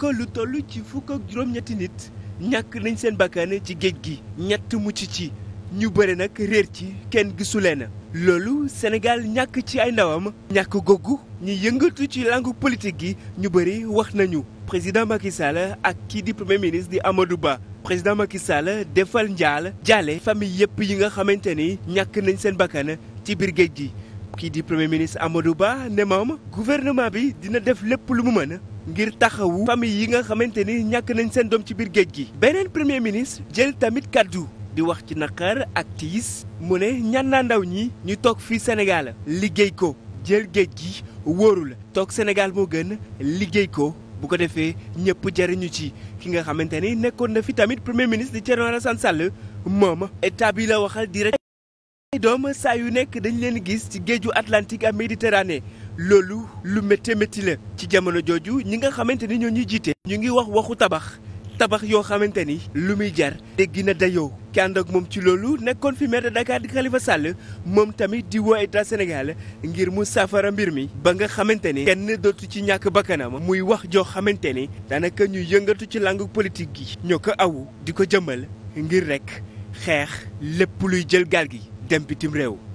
que lu toll ci fukk ak juróom-ñetti nit ñàkk nañ seen bakkan ci géej gi ñett mucc ci ñu bëri nag réer ci kenn gisu leen loolu Sénégal ñàkk ci ay ndawam ñàkk googu ñu yëngatu ci langue politique gi ñu bëri wax nañu président Macky Sall ak kii di premier ministre di Amadou Ba président Macky Sall defal njaal jaale famille yëpp yi nga xamante ni ñàkk nañ seen bakkan ci biir géej gi kii di premier ministre Amadou Ba ne moom gouvernement bi dina def lépp lu mu mën ngir taxawu famille yi nga xamante ni ñàkk nañ seen doom ci biir géej gi. beneen premier ministre jël tamit kaddu di wax ci naqar ak tiis mu ne ñaan naa ndaw ñi ñu toog fii Sénégal liggéey ko jël géej gi wóorul toog Sénégal moo gën liggéey ko. bu ko defee ñëpp jariñu ci ki nga xamante ni nekkoon na fi tamit premier ministre di Thierno Alassane Sall moom état bi la waxal doom saa yu nekk dañ leen gis ci géeju Atlantique ak Méditerranée loolu lu métti métti la ci jamono jooju ñi nga xamante ni ñoo ñuy jiite. ñu ngi wax waxu tabax tabax yoo xamante ni lu muy jar dégg na dayoo ki ak moom ci loolu nekkoon fi maire de Dakar di Khalifa Sall moom tamit di woo état Sénégal ngir mu saafara mbir mi ba nga xamante ni kenn dootu ci ñàkk bakkanam muy wax joo xamante ni daanaka ñuy yëngatu ci langue politique gi ñoo ko awu di ko jëmmal ngir rek xeex lépp luy jël gaal gi dem bitim réew